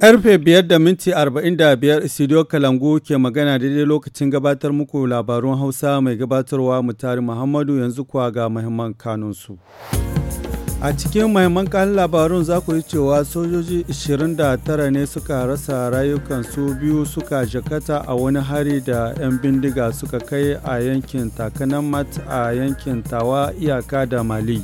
Karfe biyar da minti arba'in da biyar Studio Kalangu ke magana daidai lokacin gabatar muku labarun Hausa mai gabatarwa mutari Muhammadu yanzu kuwa ga mahimman kanunsu. A cikin mahimman kan labarun za ku yi cewa sojoji 29 ne suka rasa rayukansu biyu suka jakata a wani hari da 'yan bindiga suka kai a yankin Takanamat a yankin Tawa iyaka da Mali.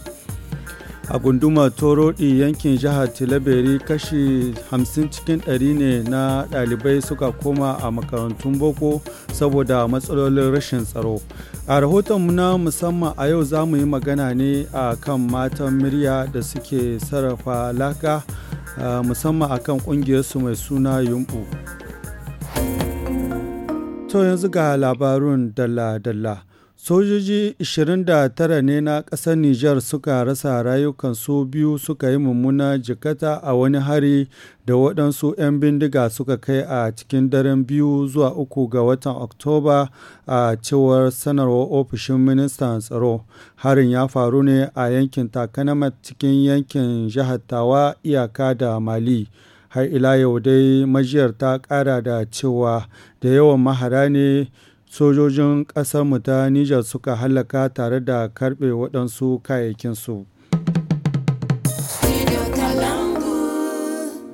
a gundumar torodi yankin jihar tilaberi kashi 50 cikin 100 ne na ɗalibai suka koma a makarantun boko saboda matsalolin rashin tsaro a rahoton na musamman a yau za mu yi magana ne a kan matan murya da suke sarrafa laka musamman a kan ƙungiyarsu mai suna yumbu to yanzu ga labarun dalla-dalla Sojoji 29 ne na ƙasar Nijar suka rasa rayukansu biyu suka yi mummuna jikata a wani hari da waɗansu 'yan bindiga suka kai a cikin daren biyu zuwa uku ga watan Oktoba a cewar sanarwar ofishin ministan tsaro. Harin ya faru ne a yankin Takanama cikin yankin jihar Tawa iyaka da Mali. Har ila yau dai majiyar ta ƙara da cewa da yawan mahara ne sojojin mu ta Nijar suka hallaka tare da karɓe waɗansu su.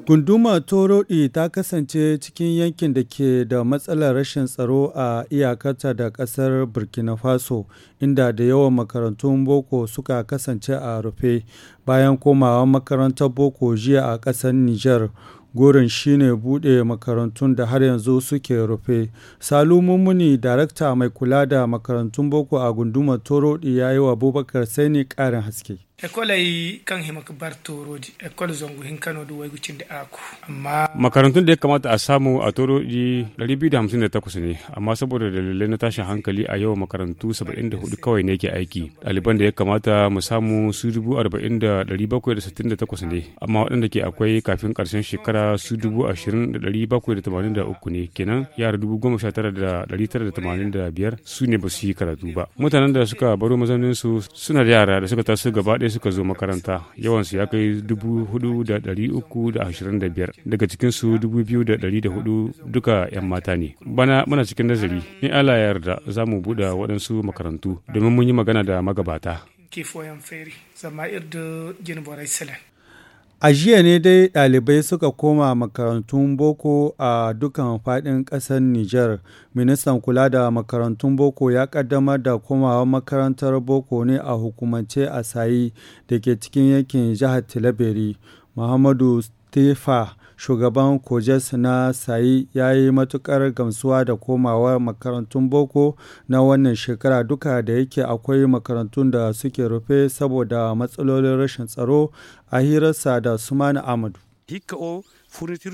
Gunduma Torodi ta kasance cikin yankin da ke da matsalar rashin tsaro a iyakarta da ƙasar Burkina Faso, inda da yawan makarantun boko suka kasance a rufe bayan komawa makarantar boko jiya a ƙasar Nijar. Gurin shine bude makarantun da har yanzu suke rufe. Salu Mummuni, darakta mai kula da makarantun boko a gundumar Torodi ya yi wa Abubakar Saini ƙarin haske. ekolai kan hima bar di. ekol zongu hin kano du waigu cinde aku amma makarantun da ya kamata a samu a torodi 258 ne amma saboda dalilai na tashin hankali a yau makarantu 74 kawai ne ke aiki daliban da ya kamata mu samu su 40,768 ne amma waɗanda ke akwai kafin ƙarshen shekara su 20,783 ne kenan yara 19,985 su ne ba su yi karatu ba mutanen da suka baro su suna da yara da suka taso gaba ɗaya ɗalibai suka zo makaranta yawan su ya kai 4,325 daga cikin cikinsu hudu duka 'yan mata ne bana muna cikin nazari ni ala yarda za mu buɗe waɗansu makarantu domin mun yi magana da magabata. A jiya ne dai ɗalibai suka koma makarantun boko a dukkan faɗin ƙasar Nijar. Ministan kula da makarantun boko ya ƙaddamar da komawa makarantar boko ne a hukumance a sayi da ke cikin yankin jihar Tilaberi. Muhammadu Stefa. shugaban kojes na sayi ya yi matukar gamsuwa da komawa makarantun boko na wannan shekara duka da yake akwai makarantun da suke rufe saboda matsalolin rashin tsaro a hirarsa da sumana amadu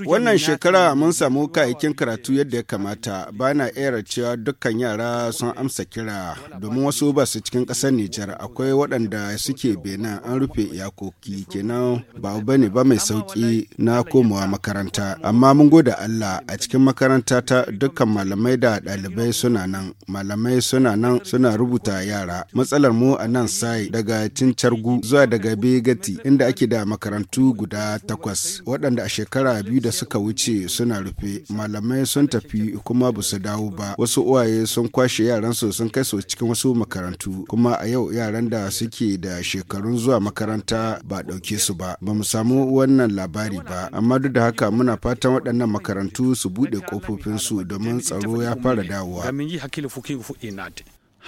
Wannan shekara mun samu kayakin karatu yadda ya kamata bana era cewa dukkan yara sun amsa kira domin wasu ba su cikin ƙasar Nijar akwai waɗanda suke Benin an rufe iyakoki kenan ba bane ba mai sauƙi na komawa makaranta amma mun gode Allah a cikin makaranta ta dukkan malamai da ɗalibai suna nan malamai suna nan suna rubuta yara matsalar mu a nan sai daga Cincargu zuwa daga Begati inda ake da makarantu guda takwas waɗanda a shekara shekara biyu da suka wuce suna rufe malamai sun tafi kuma ba su dawo ba wasu uwaye sun kwashe yaransu sun kai su cikin wasu makarantu kuma a yau yaran da suke da shekarun zuwa makaranta ba ɗauke su ba ba mu samu wannan labari ba amma duk da haka muna fatan waɗannan makarantu su buɗe ƙofofinsu domin tsaro ya fara dawowa.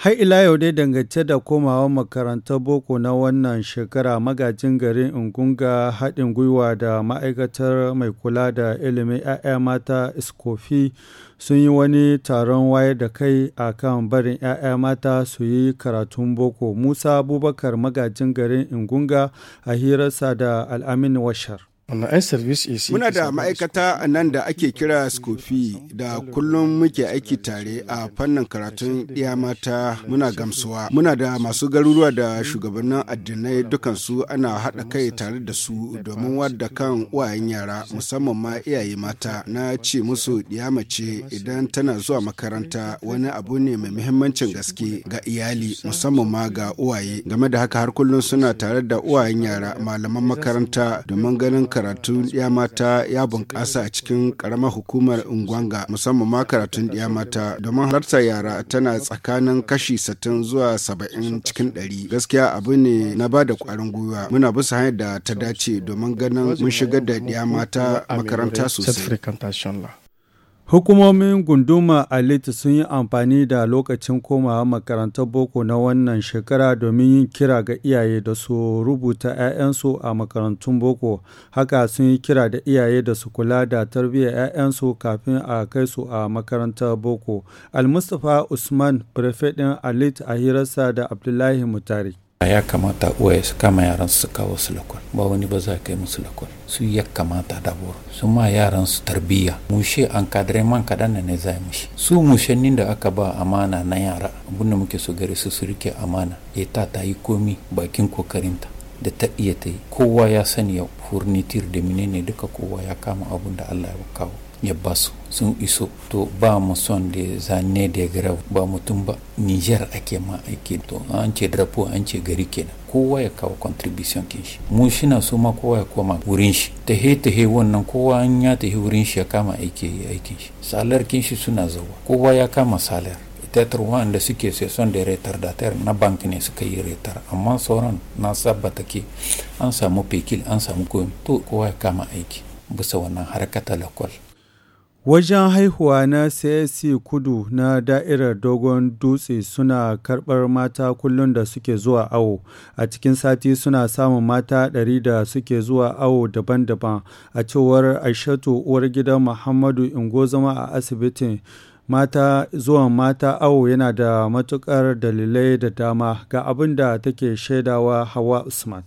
Har ila yau dai dangance da komawa makarantar boko na wannan shekara magajin garin Ingunga haɗin gwiwa da ma'aikatar mai kula da ilimin 'ya'ya mata Iskofi sun yi wani taron wayar da kai a kan barin 'ya'ya mata su yi karatun boko. Musa Abubakar magajin garin Ingunga a hirarsa da Al'amin Washar. Muna da ma'aikata nan da ake kira Scofi da kullum muke aiki tare a fannin karatun iya mata muna gamsuwa. Muna da masu garuruwa da shugabannin addinai dukansu ana haɗa kai tare da su domin wadda kan uwayen yara musamman ma iyaye mata na ce musu ɗiya mace idan tana zuwa makaranta wani abu ne mai muhimmancin gaske ga iyali musamman ma ga uwaye. Game da haka har kullum suna tare da uwayen yara malaman makaranta domin ganin karatun ɗiya mata ya bunƙasa a cikin ƙaramar hukumar ungwanga musamman ma karatun ɗiya mata domin halartar yara tana tsakanin kashi 60 zuwa 70 cikin 100. Gaskiya abu ne na ba da ƙwarin gwiwa. Muna bisa hanyar da ta dace domin ganin mun shigar da ɗiya mata makaranta sosai. Hukumomin gunduma Alit sun yi amfani da lokacin komawa makarantar boko na wannan shekara domin yin kira ga iyaye da su rubuta 'ya'yansu a makarantun boko. Haka sun yi kira da iyaye da su kula da tarbiyyar 'ya'yansu kafin a kai su a makarantar boko. Al-Mustapha Usman, Prefet ɗin Alit a hirarsa da Abdullahi Mutari. ya kamata uwaye su kama yaran su kawo su lakwal ba wani ba za kai musu lakwal su ya kamata da buru su ma yaran su tarbiyya mushe an kadare man kadan ne za mushi su mushennin da aka ba amana na yara abinda muke so gare su su rike amana ya ta ta yi komi bakin kokarinta da ta iya ta yi kowa ya sani ya furnitir da menene duka kowa ya kama abun da Allah ya kawo ya basu sun iso to ba mu son da ne da gara ba mutum ba niger ake ma aiki to an ce drapo an ce gari kenan kowa ya kawo contribution kin shi mu shina so ma kowa ya koma wurin shi tahe tahe wannan kowa an ya tahe wurin shi ya kama aiki aikin shi salar kin shi suna zawa kowa ya kama salar tetar wanda suke sai son da retardatar na bank ne suka yi retar amma sauran na sabbata ke an samu pekil an samu komi to kowa ya kama aiki bisa wannan harkata lakwal Wajen haihuwa na CAC Kudu na Da'irar Dogon Dutse suna karɓar mata kullum da suke zuwa awo. A cikin sati suna samun mata ɗari da suke zuwa awo daban-daban. A cewar Aishatu uwar gidan Muhammadu Ingozama a asibitin mata zuwan mata awo yana da matuƙar dalilai da dama ga abin da take shaidawa Hawa Usman.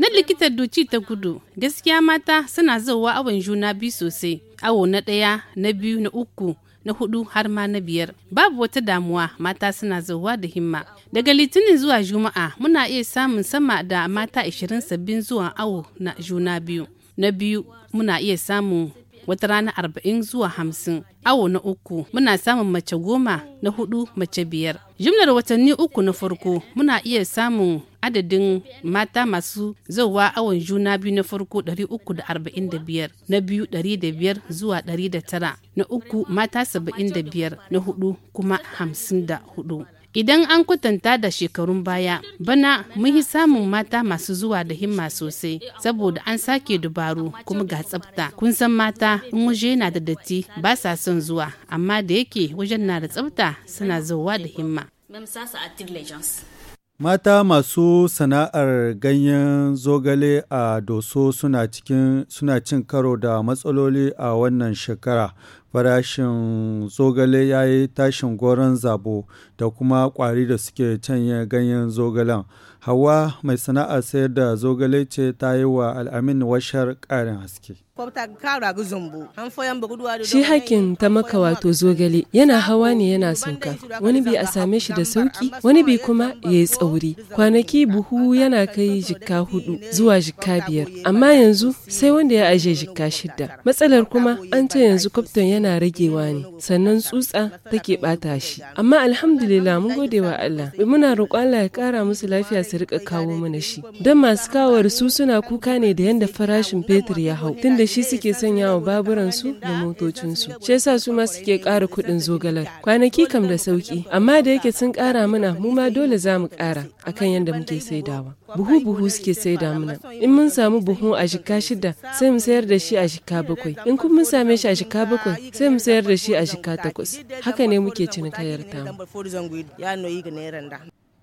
Na likitar Doci ta kudu gaskiya mata suna zauwa awon juna biyu sosai, awo na ɗaya, na biyu, na uku, na hudu har ma na biyar. Babu wata damuwa mata suna zauwa da himma. Daga litinin zuwa juma'a muna iya samun sama da mata 20 sabbin zuwa awo na juna biyu. Na biyu muna iya samun wata rana arba'in zuwa hamsin awo na uku muna samun mace goma na hudu mace biyar jimlar watanni uku na farko muna iya samun adadin mata masu zauwa awon juna biyu na farko 345 na biyu 105 zuwa 109 na uku mata 75 na hudu kuma 54 Idan an kwatanta da shekarun baya, bana mun yi samun mata masu zuwa da himma sosai, saboda an sake dubaru kuma ga tsafta. Kun san mata in waje na da datti ba sa son zuwa, amma da yake wajen na da tsafta suna zuwa da himma. Mata masu sana'ar ganyen zogale a Doso suna cin karo da matsaloli a wannan shekara. Farashin zogale ya yi tashin goron zabo da kuma ƙwari da suke canye ganyen zogalen. Hawa mai sana'ar sayar da zogale ce ta yi wa al'amin washar ƙarin haske. Shi hakin ta maka wato zogale yana hawa ne yana sauka, wani bi a same shi da sauki, wani bi kuma ya yi tsauri. Kwanaki buhu yana kai jikka hudu zuwa jikka biyar, amma yanzu sai wanda ya aje jikka shida. Matsalar kuma an ce yanzu kwafton yana ragewa ne, sannan tsutsa take bata shi. Amma alhamdulillah mun gode wa Allah, muna roƙo Allah ya ƙara musu lafiya su riƙa kawo mana shi. Don masu kawar su suna kuka ne da yanda farashin fetur ya hau, tunda shi suke sanya wa baburansu da motocinsu shi yasa su ma suke ƙara kuɗin zogalar kwanaki kam da sauki amma da yake sun ƙara mana mu ma dole za mu ƙara akan yadda muke saidawa buhu buhu suke saida mana in mun samu buhu a shika shida sai mu sayar da shi a shika bakwai in kun mun same shi a shika bakwai sai mu sayar da shi a shika takwas haka ne muke cinikayyar tamu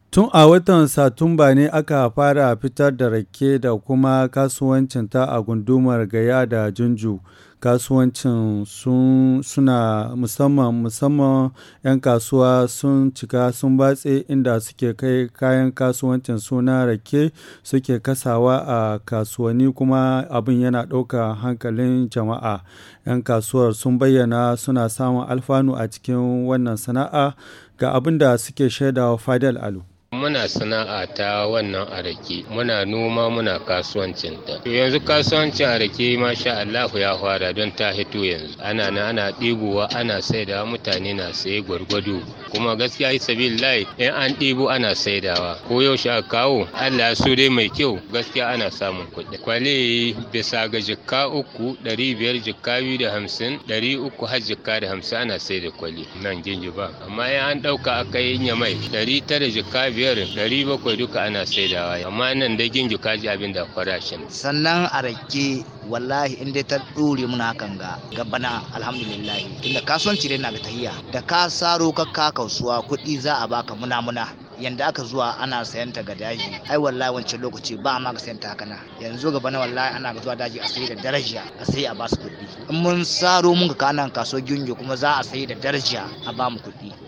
Tun a watan Satumba ne aka fara fitar da rake da kuma kasuwancinta a gundumar Gaya da Junju. Kasuwancin sun, suna musamman musamman 'yan kasuwa sun cika sun batse inda suke kai kayan kasuwancin suna rake suke kasawa a kasuwanni kuma abin yana ɗauka hankalin jama'a. 'Yan kasuwar sun bayyana suna samun alfanu a cikin wannan sana'a ga abin da suke shaidawa Fadel Alu. muna sana'a ta wannan arake muna noma muna kasuwancin ta yanzu kasuwancin arake masha Allah ya fara don ta hito yanzu ana na ana ɗibowa ana saidawa mutane na saye gwargwado kuma gaskiya yi sabilillahi in an ɗibo ana saidawa ko yaushe a kawo Allah su dai mai kyau gaskiya ana samun kuɗi kwale bisa ga jikka uku ɗari biyar jikka biyu da hamsin ɗari uku har jikka da hamsin ana sai da kwale nan ginjiba. amma in an ɗauka aka yi nyamai ɗari tara jikka biyar jerin ɗari bakwai duka ana saidawa amma nan da gingi kaji abin da farashin. sannan a rake wallahi in dai ta ɗore muna hakan ga gabana alhamdulillah tunda kasuwanci dai na ga tahiya da ka saro ka ka kasuwa kuɗi za a baka muna muna yanda aka zuwa ana sayan ta ga daji ai wallahi wancan lokaci ba a maka sayan ta kana yanzu gaba na wallahi ana ga zuwa daji a sayi da daraja a sayi a basu kuɗi in mun saro mun ga kanan kaso gingi kuma za a sayi da daraja a ba mu kuɗi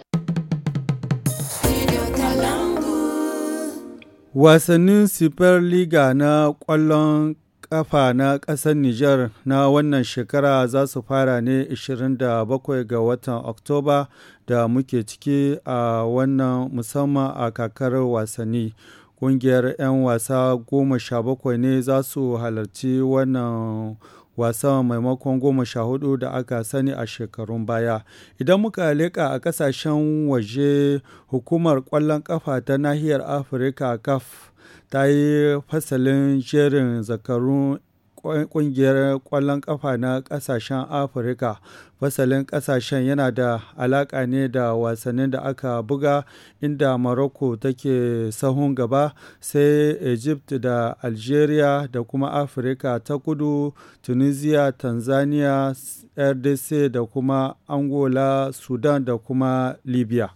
Wasannin Super League na ƙwallon ƙafa na ƙasar Nijar na wannan shekara za su fara ne 27 ga watan Oktoba da muke ciki a wannan musamman a kakar wasanni. Ƙungiyar 'yan wasa goma sha bakwai ne za su halarci wannan Wasan maimakon goma sha hudu da aka sani a shekarun baya. Idan muka leƙa a ƙasashen waje hukumar ƙwallon ƙafa ta nahiyar Afirka Kaf ta yi fasalin jerin zakarun kungiyar ƙwallon ƙafa na ƙasashen afirka fasalin ƙasashen yana da alaƙa ne da wasannin da aka buga inda morocco take sahun gaba sai egypt da algeria da kuma afirka ta kudu tunisia tanzania rdc da kuma angola sudan da kuma libya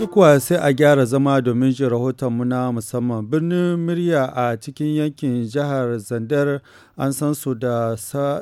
yanzu kuwa sai a gyara zama domin ji rahotonmu na musamman birnin murya a cikin yankin jihar zandar an san su da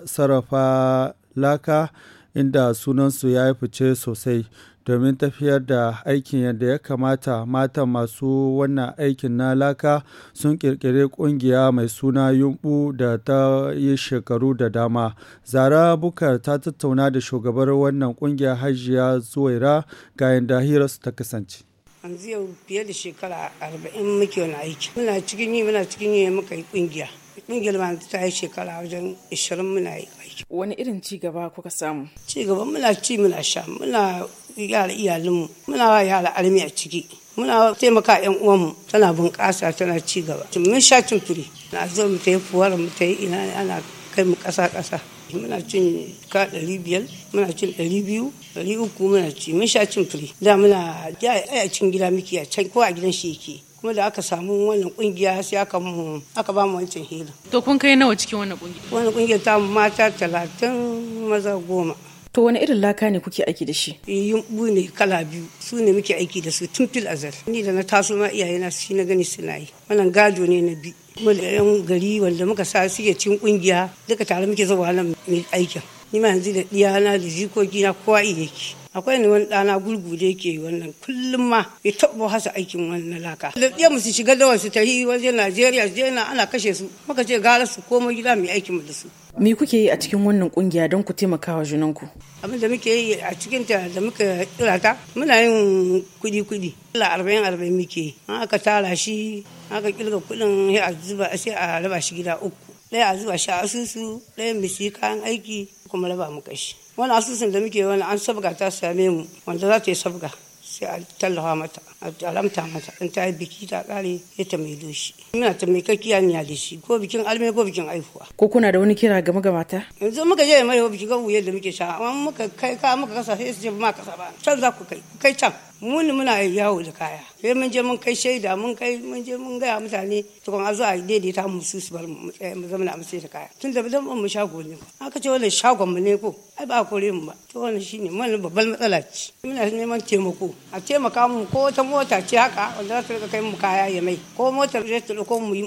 sarrafa laka inda sunansu ya yi fice sosai domin tafiyar da aikin yadda ya kamata matan masu wannan aikin na laka sun kirkiri kungiya mai suna yumbu da ta yi shekaru da dama zara bukar ta tattauna da shugabar wannan kungiya hajiya zuwaira ga yadda hirarsu ta kasance yanzu yau fiye da shekara arba'in muke wani aiki muna cikin yi muna cikin yi muka yi kungiya kungiyar ma ta yi shekara wajen ishirin muna yi aiki wani irin ci gaba kuka samu ci gaba muna ci muna sha muna yara iyalinmu muna wa yara armi a ciki muna taimaka yan uwanmu tana bunƙasa tana ci gaba mun sha tumfiri na zo mu ta yi fuwar mu ta yi ina ana kai mu ƙasa ƙasa muna cin ka ɗari biyar muna cin ɗari biyu ɗari uku muna ci mun sha cin da muna ja a cin gida muke a can ko a gidan shi yake kuma da aka samu wannan kungiya sai aka mu aka ba mu wancan hira to kun kai nawa cikin wannan kungiya wannan kungiya ta mata talatin maza goma To wani irin laka ne kuke aiki da shi? Eh, yumbu ne kala biyu su ne muke aiki da su tun fil azal. Ni da na taso ma iyayena shi na gani suna yi. Wannan gado ne na bi. Kuma da 'yan gari wanda muka sa su cin ƙungiya. duka tare muke zuwa nan mai aikin. Ni ma yanzu da ɗiyana da jikoki na kowa iya yake. akwai ni wani ɗana gurgu da yake wannan kullum ma ya taɓa hasa aikin wannan laka da ɗaya musu su shiga wasu ta yi wajen najeriya su jena ana kashe su muka ce gara su koma gida mu aikin mu da su me kuke yi a cikin wannan kungiya don ku taimaka wa ku. abin da muke yi a cikin ta da muka kira ta muna yin kuɗi kuɗi kila arba'in arba'in muke yi an aka tara shi aka kirga kuɗin sai a sai a raba shi gida uku ɗaya a zuba shi a asusu ɗaya mu kayan aiki kuma raba mu kashi wani asusun da muke wani an sabga ta same mu wanda za ta yi sabga sai a tallafa mata a talamta mata in ta yi biki ta kare ya ta mai doshi ina ta mai kakkiya ni da shi ko bikin almai ko bikin aifuwa ko kuna da wani kira game ga mata yanzu muka je mai biki ga wuyar da muke sha amma muka kai ka muka kasa sai su je ma kasa ba can za ku kai kai can mun muna yawo da kaya sai mun je mun kai shaida mun kai mun je mun gaya mutane tukun a zo a daidaita mu su su bar mu mu zama mu sai da kaya tun da bidan mu shago ne aka ce wannan shagon mu ne ko ai ba kore mu ba to wannan shine mun babbar matsala ce muna neman taimako a taimaka mu ko wata mota ce haka wanda za su rika kai mu kaya ya mai ko motar zai ta ko mu yi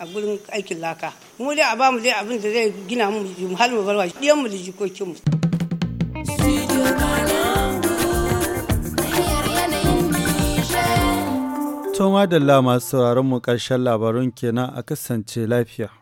a gurin aikin laka mu dai a ba mu dai abin da zai gina mu mu halin babarwa barwa mu da jikokin mu Toma da masu sauraron mu ƙarshen labarun kenan a kasance lafiya.